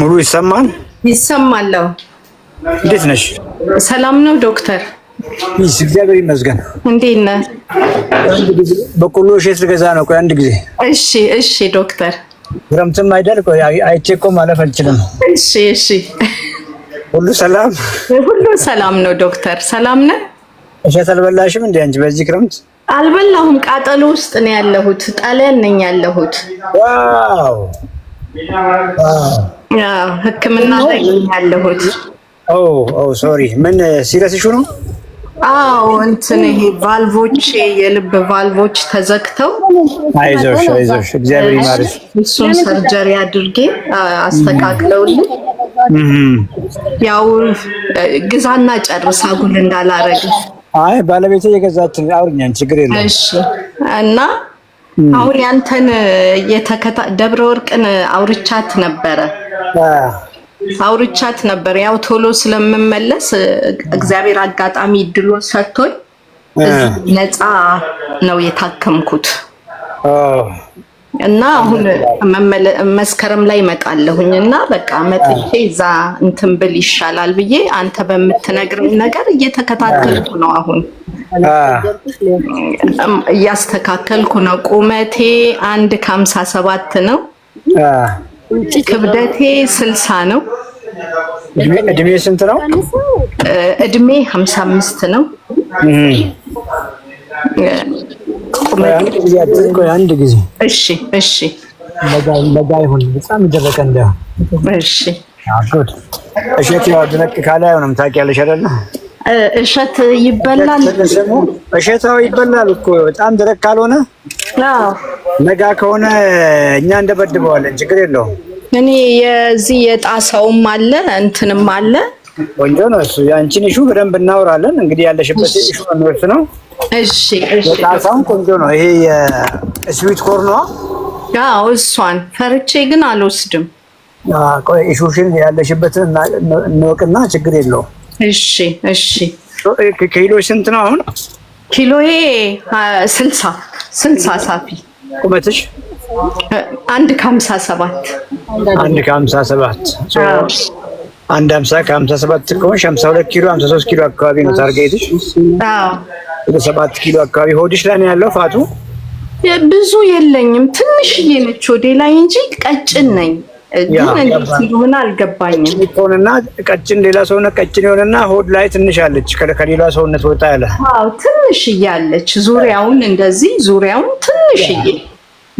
ሙሉ ይሰማል ይሰማለሁ። እንዴት ነሽ? ሰላም ነው ዶክተር? ይህ እግዚአብሔር ይመስገን። እንዴት ነህ? በቆሎ እሸት ልገዛ ነው። ቆይ አንድ ጊዜ። እሺ እሺ ዶክተር። ክረምትም አይደል? ቆይ አይቼ እኮ ማለፍ አልችልም። እሺ እሺ። ሁሉ ሰላም? ሁሉ ሰላም ነው ዶክተር። ሰላም ነህ? እሸት አልበላሽም እንዴ አንቺ በዚህ ክረምት? አልበላሁም። ቃጠሎ ውስጥ ነው ያለሁት። ጣሊያን ነኝ ያለሁት። ዋው ዋው፣ ሕክምና ላይ ያለሁት። ኦ ኦ፣ ሶሪ ምን ሲረስሹ ነው? አዎ እንትን ይሄ ቫልቮች የልብ ቫልቮች ተዘግተው፣ አይዞሽ አይዞሽ፣ እግዚአብሔር ይማርሽ። እሱን ሰርጀሪ አድርጌ አስተካክለውልኝ ያው ግዛና ጨርስ አጉል እንዳላረግ አይ ባለቤት የገዛች አውርኛን ችግር የለም። እሺ እና አሁን ያንተን የተከታ ደብረ ወርቅን አውርቻት ነበረ አውርቻት ነበር። ያው ቶሎ ስለምመለስ እግዚአብሔር አጋጣሚ እድሉን ሰጥቶኝ ነፃ ነው የታከምኩት። እና አሁን መስከረም ላይ እመጣለሁኝ እና በቃ መጥቼ እዛ እንትን ብል ይሻላል ብዬ አንተ በምትነግርም ነገር እየተከታተልኩ ነው። አሁን እያስተካከልኩ ነው። ቁመቴ አንድ ከሀምሳ ሰባት ነው። ክብደቴ ስልሳ ነው። እድሜ ስንት ነው? እድሜ ሀምሳ አምስት ነው። አንድ ጊዜ እሺ፣ እሺ። ለጋ ይሁን በጣም የደረቀ እንዳይሆን። እሺ፣ እሸት ያው ድረቅ ካለ አይሆንም። ታውቂያለሽ አይደለ? እሸት ይበላል፣ እሸታው ይበላል እኮ በጣም ድረቅ ካልሆነ። ነጋ ከሆነ እኛ እንደበድበዋለን፣ ችግር የለውም። እኔ የዚህ የጣሳውም አለ እንትንም አለ። ቆንጆ ነው እሱ። የአንቺን እሹ በደንብ እናወራለን። እንግዲህ ያለሽበት እሹ ነው እሺ፣ እሺ። ቆንጆ ነው ይሄ የስዊት ኮርኗ ነው። እሷን ፈርቼ ግን አልወስድም። ቆይ ኢሹሽን ያለሽበትን እንወቅና ችግር የለውም። እሺ፣ እሺ። ኪሎ ስንት ነው አሁን? ኪሎዬ ስልሳ ስልሳ ሳፊ። ቁመትሽ? አንድ ከሀምሳ ሰባት አንድ ከሀምሳ ሰባት አንድ ሀምሳ ከሀምሳ ሰባት ከሆንሽ ሀምሳ ሁለት ኪሎ ሀምሳ ሶስት ኪሎ አካባቢ ነው ታርጌትሽ። ወደ ሰባት ኪሎ አካባቢ ሆድሽ ላይ ነው ያለው ፋቱ? ብዙ የለኝም ትንሽዬ ነች ወዴ ላይ እንጂ ቀጭን ነኝ። ግን አልገባኝም። ሆነና ቀጭን ሌላ ሰውነት ቀጭን የሆነና ሆድ ላይ ትንሽ አለች፣ ከሌላ ሰውነት ወጣ ያለ ትንሽዬ አለች። ዙሪያውን እንደዚህ ዙሪያውን ትንሽዬ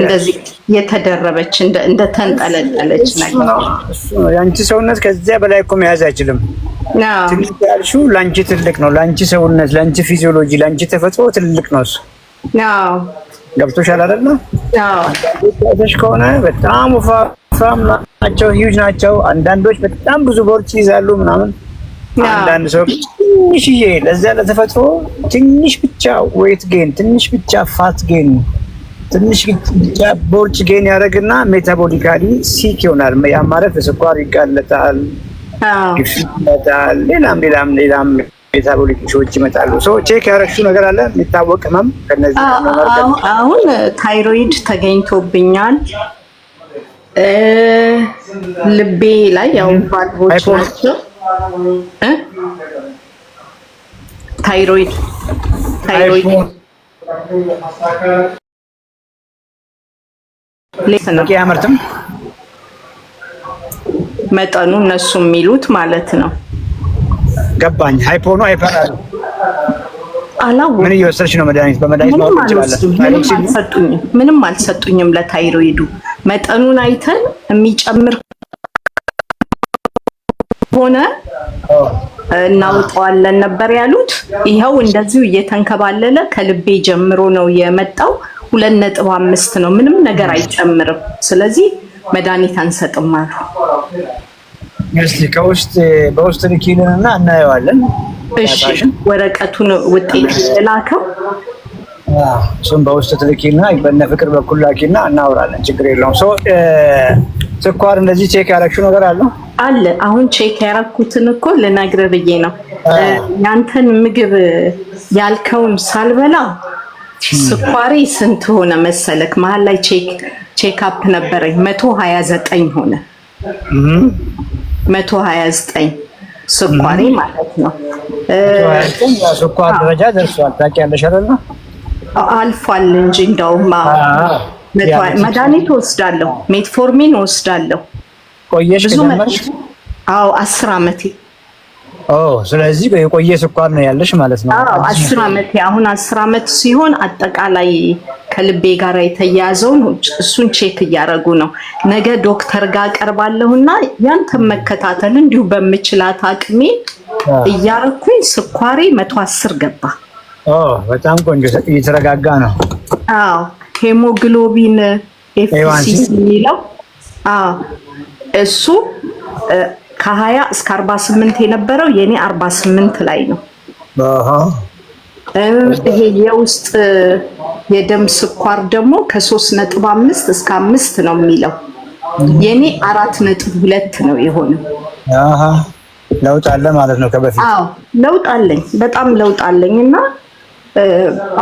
እንደዚህ የተደረበች እንደተንጠለጠለች ነገር የአንቺ ሰውነት ከዚያ በላይ እኮ መያዝ አይችልም። ትልቅ ያልሺው ለአንቺ ትልቅ ነው። ለአንቺ ሰውነት፣ ለአንቺ ፊዚዮሎጂ፣ ለአንቺ ተፈጥሮ ትልቅ ነው። ገብቶሻል አይደለ? ሽ ከሆነ በጣም ወፋፍራም ናቸው፣ ሂውጅ ናቸው። አንዳንዶች በጣም ብዙ ቦርጭ ይይዛሉ ምናምን። አንዳንድ ሰው ትንሽዬ፣ ለዚያ ለተፈጥሮ ትንሽ ብቻ ዌይት ጌን፣ ትንሽ ብቻ ፋት ጌን ትንሽ ቦርጭ ጌን ያደረግና ሜታቦሊካሊ ሲክ ይሆናል። ያ ማለት ለስኳር ይጋለጣል፣ ግፊት ይመጣል፣ ሌላም ሌላም ሌላም ሜታቦሊክ ሾዎች ይመጣሉ። ቼክ ያረግሽው ነገር አለ የሚታወቅ ህመም ከነዚህ አሁን ታይሮይድ ተገኝቶብኛል። ልቤ ላይ ያው ባልቦች ናቸው። ታይሮይድ ታይሮይድ አያመርትም መጠኑ እነሱ የሚሉት ማለት ነው። ገባኝ። ሃይፖ ነው ሃይፐር ምን እየወሰድሽ ነው? መድኃኒት በመድኃኒት አልሰጡኝም። ምንም አልሰጡኝም ለታይሮይዱ መጠኑን አይተን የሚጨምር ሆነ እናውጠዋለን ነበር ያሉት። ይኸው እንደዚሁ እየተንከባለለ ከልቤ ጀምሮ ነው የመጣው ሁለት ነጥብ አምስት ነው። ምንም ነገር አይጨምርም። ስለዚህ መድኃኒት አንሰጥም አሉ። እስቲ ከውስጥ በውስጥ ልኪልን እና እናየዋለን። እሺ ወረቀቱን ውጤት ላከው እሱም በውስጥ ትልኪና በነ ፍቅር በኩል ላኪና እናውራለን። ችግር የለውም። ሰው ስኳር እንደዚህ ቼክ ያደረግሽው ነገር አለ አለ። አሁን ቼክ ያደረኩትን እኮ ልነግርህ ብዬ ነው። ያንተን ምግብ ያልከውን ሳልበላ ስኳሬ ስንት ሆነ መሰለክ? መሀል ላይ ቼክ አፕ ነበረኝ መቶ ሀያ ዘጠኝ ሆነ መቶ ሀያ ዘጠኝ ስኳሬ ማለት ነው። ስኳር ደረጃ ደርሷል ታውቂያለሽ አይደል? አልፏል እንጂ እንደውም መድኃኒት ወስዳለሁ፣ ሜትፎርሚን ወስዳለሁ። ቆየሽ? አዎ አስር አመቴ ስለዚህ የቆየ ስኳር ነው ያለሽ ማለት ነው። አስር አመት አሁን አስር አመት ሲሆን አጠቃላይ ከልቤ ጋር የተያያዘውን እሱን ቼክ እያደረጉ ነው። ነገ ዶክተር ጋር ቀርባለሁና ያንተን መከታተል እንዲሁ በምችላት አቅሜ እያረኩኝ ስኳሬ መቶ አስር ገባ። በጣም ቆንጆ እየተረጋጋ ነው። አዎ ሄሞግሎቢን ኤፍሲሲ የሚለው እሱ ከ20 እስከ 48 የነበረው የኔ 48 ላይ ነው። ይሄ የውስጥ የደም ስኳር ደግሞ ከ3.5 እስከ 5 ነው የሚለው የኔ ነጥብ 4.2 ነው የሆነው። ለውጥ አለ ማለት ነው ከበፊት። አዎ ለውጥ አለኝ፣ በጣም ለውጥ አለኝ እና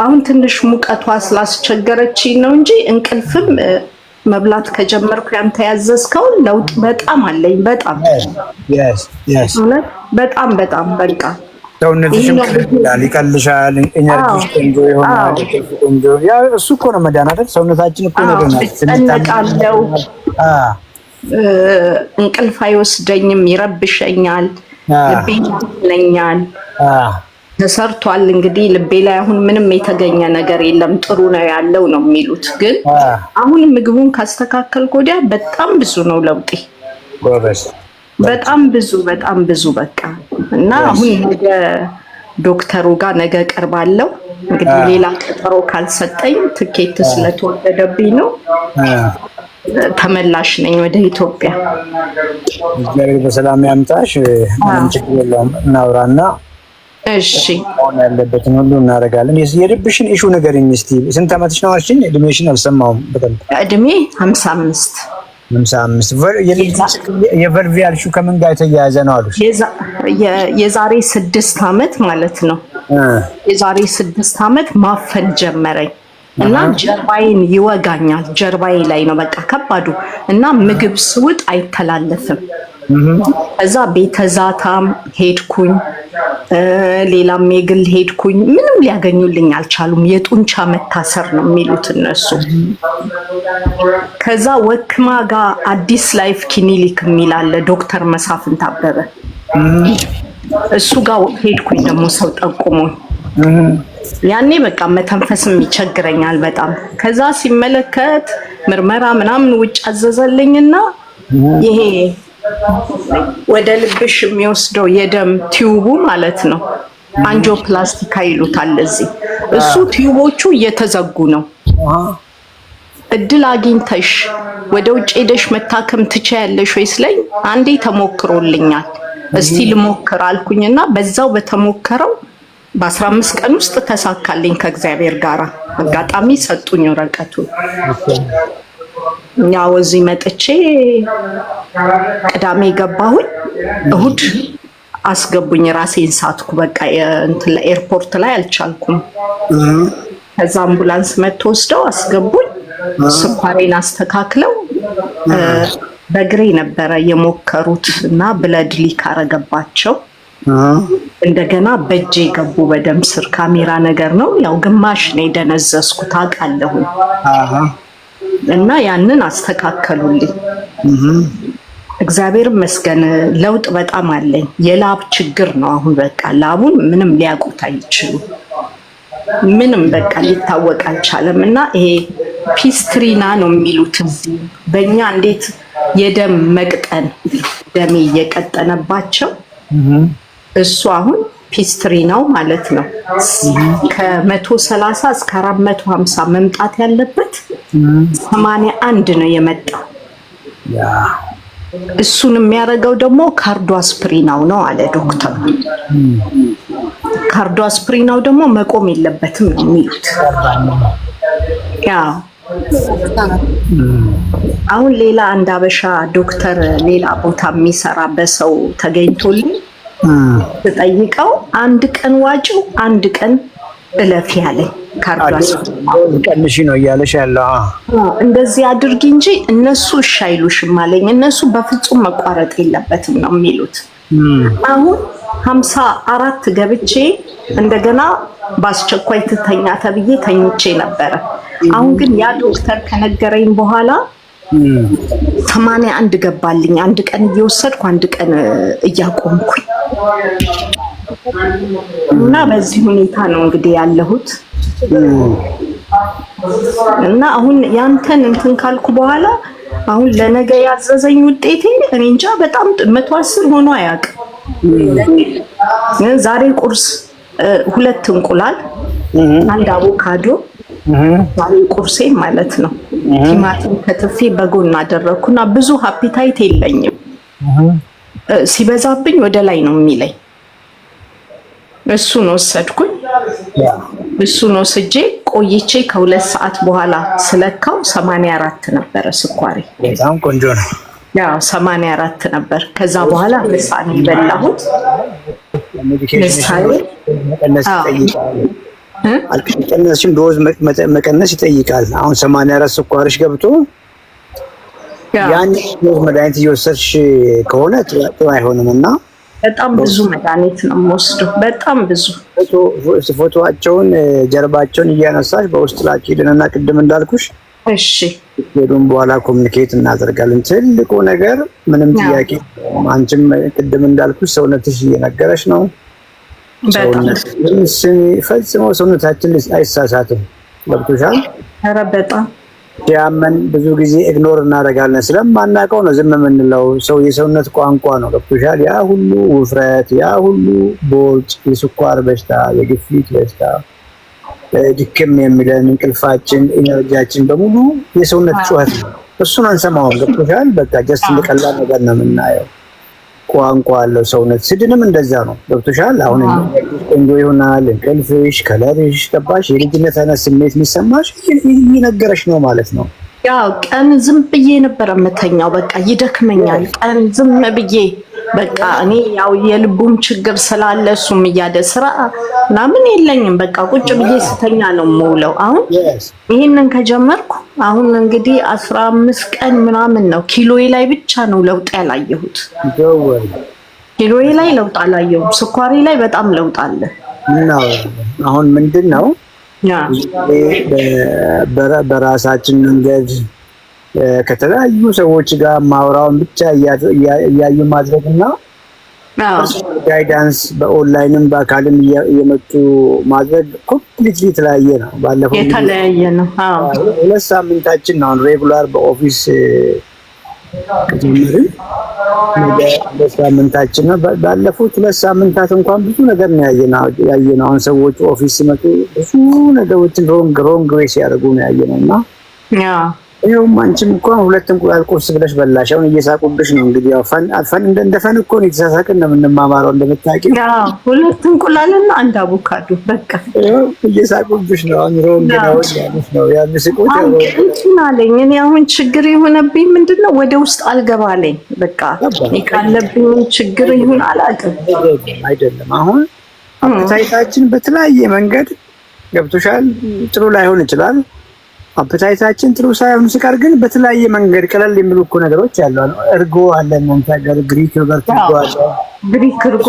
አሁን ትንሽ ሙቀቷ ስላስቸገረችኝ ነው እንጂ እንቅልፍም መብላት ከጀመርኩ ያንተ ያዘዝከውን ለውጥ በጣም አለኝ። በጣም በጣም በጣም በቃ ሰውነትሽም ይቀልሻል፣ ቆንጆ ይሆናል። ቆንጆ እሱ እኮ ነው ሰውነታችን እኮ እጨነቃለሁ፣ እንቅልፍ አይወስደኝም፣ ይረብሸኛል፣ ልቤ ይለኛል ተሰርቷል። እንግዲህ ልቤ ላይ አሁን ምንም የተገኘ ነገር የለም፣ ጥሩ ነው ያለው ነው የሚሉት። ግን አሁን ምግቡን ካስተካከልኩ ወዲያ በጣም ብዙ ነው ለውጤ፣ በጣም ብዙ በጣም ብዙ በቃ እና አሁን ነገ ዶክተሩ ጋር ነገ ቀርባለው። እንግዲህ ሌላ ቀጠሮ ካልሰጠኝ ትኬት ስለተወደደብኝ ነው ተመላሽ ነኝ ወደ ኢትዮጵያ። እግዚአብሔር በሰላም ያምጣሽ። ምንም ችግር የለውም። እናውራና እሺ ሆነ ያለበትን ሁሉ እናደርጋለን። የልብሽን ኢሹ ንገሪኝ እስቲ። ስንት ዓመትሽ ነው አልሽኝ? እድሜሽን አልሰማሁም በጣም እድሜ 55 55 የቨልቪ ያልሽው ከምን ጋር የተያያዘ ነው አሉ? የዛሬ ስድስት ዓመት ማለት ነው። የዛሬ ስድስት ዓመት ማፈን ጀመረኝ እና ጀርባዬን ይወጋኛል። ጀርባዬ ላይ ነው በቃ ከባዱ እና ምግብ ስውጥ አይተላለፍም ከዛ ቤተዛታም ሄድኩኝ፣ ሌላም የግል ሄድኩኝ። ምንም ሊያገኙልኝ አልቻሉም። የጡንቻ መታሰር ነው የሚሉት እነሱ። ከዛ ወክማ ጋር አዲስ ላይፍ ክሊኒክ የሚላለ ዶክተር መሳፍንት አበበ እሱ ጋር ሄድኩኝ። ደግሞ ሰው ጠቁሞኝ ያኔ በቃ መተንፈስም ይቸግረኛል በጣም። ከዛ ሲመለከት ምርመራ ምናምን ውጭ አዘዘልኝና ይሄ ወደ ልብሽ የሚወስደው የደም ቲዩቡ ማለት ነው። ፕላስቲካ ይሉታል እዚህ። እሱ ቲዩቦቹ እየተዘጉ ነው። እድል አግኝተሽ ወደ ውጭ ሄደሽ መታከም ትችያለሽ ወይ ስለኝ፣ አንዴ ተሞክሮልኛል እስቲ ልሞክር አልኩኝና በዛው በተሞከረው በ15 ቀን ውስጥ ተሳካልኝ ከእግዚአብሔር ጋር። አጋጣሚ ሰጡኝ ወረቀቱ ያው እዚህ መጥቼ ቅዳሜ ገባሁኝ። እሁድ አስገቡኝ። ራሴን ሳትኩ። በቃ እንትን ላይ ኤርፖርት ላይ አልቻልኩም። ከዛ አምቡላንስ መጥቶ ወስደው አስገቡኝ። ስኳሬን አስተካክለው በእግሬ ነበረ የሞከሩት እና ብለድ ሊክ አረገባቸው። እንደገና በእጄ ገቡ በደም ስር ካሜራ ነገር ነው። ያው ግማሽ ነው የደነዘዝኩት አውቃለሁኝ እና ያንን አስተካከሉልኝ። እግዚአብሔር ይመስገን ለውጥ በጣም አለኝ። የላብ ችግር ነው አሁን በቃ ላቡን ምንም ሊያውቁት አይችሉም። ምንም በቃ ሊታወቅ አልቻለም። እና ይሄ ፒስትሪና ነው የሚሉት እዚህ በእኛ እንዴት የደም መቅጠን ደሜ እየቀጠነባቸው እሱ አሁን ፒስትሪ ነው ማለት ነው። ከመቶ ሰላሳ እስከ አራት መቶ ሀምሳ መምጣት ያለበት ሰማንያ አንድ ነው የመጣው። እሱን የሚያደርገው ደግሞ ካርዶ አስፕሪናው ነው አለ ዶክተሩ። ካርዶ አስፕሪናው ደግሞ መቆም የለበትም ነው የሚሉት። አሁን ሌላ አንድ አበሻ ዶክተር ሌላ ቦታ የሚሰራ በሰው ተገኝቶልኝ ስጠይቀው አንድ ቀን ዋጭው አንድ ቀን እለፊ ያለኝ ቀንሺ ነው እያለሽ ያለው እንደዚህ አድርጊ እንጂ እነሱ እሺ አይሉሽም አለኝ። እነሱ በፍጹም መቋረጥ የለበትም ነው የሚሉት። አሁን ሀምሳ አራት ገብቼ እንደገና በአስቸኳይ ትተኛ ተብዬ ተኝቼ ነበረ። አሁን ግን ያ ዶክተር ከነገረኝ በኋላ ሰማንያ አንድ ገባልኝ። አንድ ቀን እየወሰድኩ አንድ ቀን እያቆምኩኝ እና በዚህ ሁኔታ ነው እንግዲህ ያለሁት እና አሁን ያንተን እንትን ካልኩ በኋላ አሁን ለነገ ያዘዘኝ ውጤቴ እኔ እንጃ በጣም መቶ አስር ሆኖ አያውቅም። ዛሬ ቁርስ ሁለት እንቁላል፣ አንድ አቮካዶ ዛሬ ቁርሴ ማለት ነው ቲማቲም ከትፌ በጎን አደረግኩና ብዙ ሀፒታይት የለኝም። ሲበዛብኝ ወደ ላይ ነው የሚለኝ። እሱን ወሰድኩኝ። እሱን ወስጄ ቆይቼ ከሁለት ሰዓት በኋላ ስለካው ሰማንያ አራት ነበረ ስኳሬ። በጣም ቆንጆ ነው። ያው ሰማንያ አራት ነበር። ከዛ በኋላ ምሳን የበላሁት ምሳሌ አልቀነስሽም። ዶዝ መቀነስ ይጠይቃል። አሁን 84 ስኳርሽ ገብቶ ያን ዶዝ መድኃኒት እየወሰድሽ ከሆነ ጥሩ አይሆንም እና በጣም ብዙ መድኃኒት ነው የምወስደው። በጣም ብዙ ፎቶቸውን ጀርባቸውን እያነሳሽ በውስጥ ላኪ ደንና ቅድም እንዳልኩሽ እሺ ሄዱም በኋላ ኮሚኒኬት እናደርጋለን። ትልቁ ነገር ምንም ጥያቄ አንቺም ቅድም እንዳልኩሽ ሰውነትሽ እየነገረሽ ነው። ፈጽሞ ሰውነታችን አይሳሳትም። ገብቶሻል? ኧረ በጣም ሲያመን ብዙ ጊዜ ኢግኖር እናደርጋለን። ስለማናውቀው ነው ዝም የምንለው። ሰው የሰውነት ቋንቋ ነው። ገብቶሻል? ያ ሁሉ ውፍረት፣ ያ ሁሉ ቦርጭ፣ የስኳር በሽታ፣ የግፊት በሽታ፣ ድክም የሚለን እንቅልፋችን፣ ኢነርጂያችን በሙሉ የሰውነት ጩኸት ነው። እሱን አንሰማውም። ገብቶሻል? በቃ ጀስት እንደቀላል ነገር ነው የምናየው። ቋንቋ አለው ሰውነት። ስድንም እንደዛ ነው። ገብቶሻል? አሁን ቆንጆ ይሆናል እንቅልፍሽ፣ ከለርሽ፣ ገባሽ? የልጅነት አይነት ስሜት የሚሰማሽ እየነገረሽ ነው ማለት ነው። ያው ቀን ዝም ብዬ ነበር የምተኛው። በቃ ይደክመኛል ቀን ዝም ብዬ በቃ እኔ ያው የልቡም ችግር ስላለ እሱም እያደ ስራ ምናምን የለኝም። በቃ ቁጭ ብዬ ስተኛ ነው የምውለው። አሁን ይህንን ከጀመርኩ አሁን እንግዲህ አስራ አምስት ቀን ምናምን ነው። ኪሎዬ ላይ ብቻ ነው ለውጥ ያላየሁት። ኪሎዬ ላይ ለውጥ አላየሁም። ስኳሬ ላይ በጣም ለውጥ አለ። አሁን ምንድን ነው በራሳችን መንገድ ከተለያዩ ሰዎች ጋር ማውራውን ብቻ እያዩ ማድረግ እና ጋይዳንስ በኦንላይንም በአካልም እየመጡ ማድረግ ኮምፕሊትሊ የተለያየ ነው። ባለፈው የተለያየ ነው። ሁለት ሳምንታችን ነው ሬጉላር በኦፊስ ጀምርን ሳምንታችን ነው። ባለፉት ሁለት ሳምንታት እንኳን ብዙ ነገር ነው ያየ ነው። አሁን ሰዎች ኦፊስ ሲመጡ ብዙ ነገሮችን ሮንግ ሮንግ ሬስ ያደርጉ ነው ያየ ነው እና ይኸውም አንቺም እንኳን ሁለት እንቁላል ቁርስ ብለሽ በላሽ። አሁን እየሳቁብሽ ነው። እንግዲህ ያው ፈን አልፈን እንደ ፈን እኮ ነው የተሳሳቅን ነው የምንማማረው። እንደምታውቂው ሁለት እንቁላልና አንድ አቮካዶ በቃ እየሳቁብሽ ነው። አሁን ሮም ገናዎች ያሉት ነው አለኝ እኔ አሁን ችግር የሆነብኝ ምንድን ነው ወደ ውስጥ አልገባ አለኝ። በቃ ካለብኝ ችግር ይሁን አላውቅም። አይደለም አሁን አፕታይታችን በተለያየ መንገድ ገብቶሻል። ጥሩ ላይሆን ይችላል አፕታይታችን ጥሩ ሳይሆን ሲቀር ግን በተለያየ መንገድ ቀለል የሚሉ እኮ ነገሮች ያሉ እርጎ አለ እናንተ ሀገር ግሪክ ዮገርት እርጎ አለ። ግሪክ እርጎ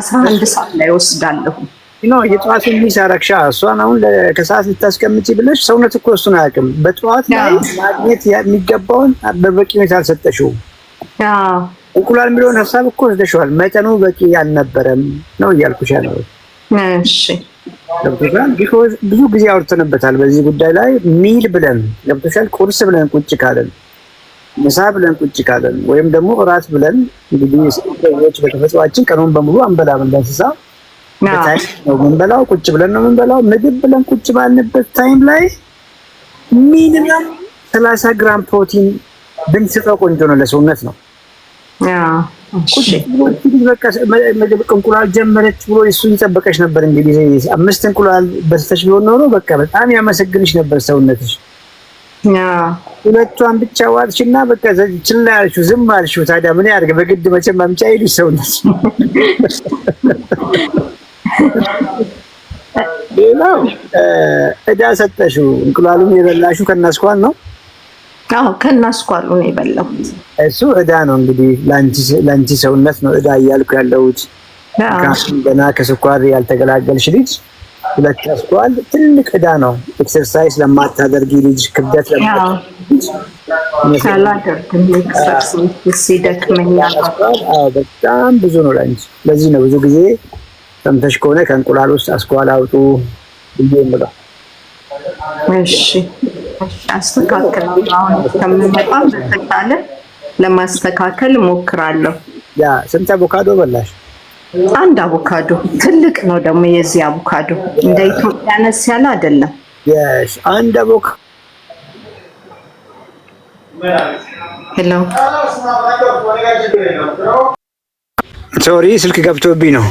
አስራ አንድ ሰዓት ላይ ወስዳለሁ። ኖ የጠዋት ረክሻ እሷን አሁን ከሰዓት ልታስቀምጪ ብለሽ ሰውነት እኮ እሱን አያውቅም። በጠዋት ላይ ማግኘት የሚገባውን በበቂ ሁኔታ አልሰጠሽውም። እንቁላል የሚለውን ሀሳብ እኮ ወስደሽዋል። መጠኑ በቂ አልነበረም ነው እያልኩሻ ነው። እሺ ገብቶሻል። ቢኮዝ ብዙ ጊዜ አውርተንበታል በዚህ ጉዳይ ላይ ሚል ብለን ገብቶሻል። ቁርስ ብለን ቁጭ ካለን፣ ምሳ ብለን ቁጭ ካለን፣ ወይም ደግሞ እራት ብለን እንግዲህ ሰዎች በተፈጥሯችን ቀኑን በሙሉ አንበላም እንደ ነው ምንበላው፣ ቁጭ ብለን ነው የምንበላው። ምግብ ብለን ቁጭ ባልንበት ታይም ላይ ሚኒመም ሰላሳ ግራም ፕሮቲን ብንስጠው ቆንጆ ነው ለሰውነት ነው። እንቁላል ጀመረች ብሎ እሱ ይጠበቀች ነበር። እንግዲህ አምስት እንቁላል በስተሽ ቢሆን ኖሮ በቃ በጣም ያመሰግንሽ ነበር ሰውነትሽ። ሁለቷን ብቻ ዋጥሽ እና በቃ ችላ ያልሽው ዝም አልሽው። ታዲያ ምን ያድርግ? በግድ መቼም ማምጫ ሄዱሽ ሰውነት። ሌላው እዳ ሰጠሽው። እንቁላሉም የበላሽው ከናስኳን ነው አዎ ከእናሱ ኳሉ ነው የበላሁት። እሱ እዳ ነው እንግዲህ ለአንቺ ሰውነት ነው እዳ እያልኩ ያለሁት። ገና ከስኳር ያልተገላገልሽ ልጅ ሁለት ያስኳል ትልቅ እዳ ነው። ኤክሰርሳይዝ ለማታደርጊ ልጅ፣ ክብደት በጣም ብዙ ነው ለአንቺ። ለዚህ ነው ብዙ ጊዜ ሰምተሽ ከሆነ ከእንቁላል ውስጥ አስኳል አውጡ ብዬ የምለው። እሺ ለማስተካከል እሞክራለሁ። ያ ስንት አቮካዶ በላሽ? አንድ አቮካዶ ትልቅ ነው ደግሞ የዚህ አቮካዶ እንደ ኢትዮጵያ ነስ ያለ አይደለም። አንድ አቮካ ሄሎ፣ ሶሪ ስልክ ገብቶብኝ ነው።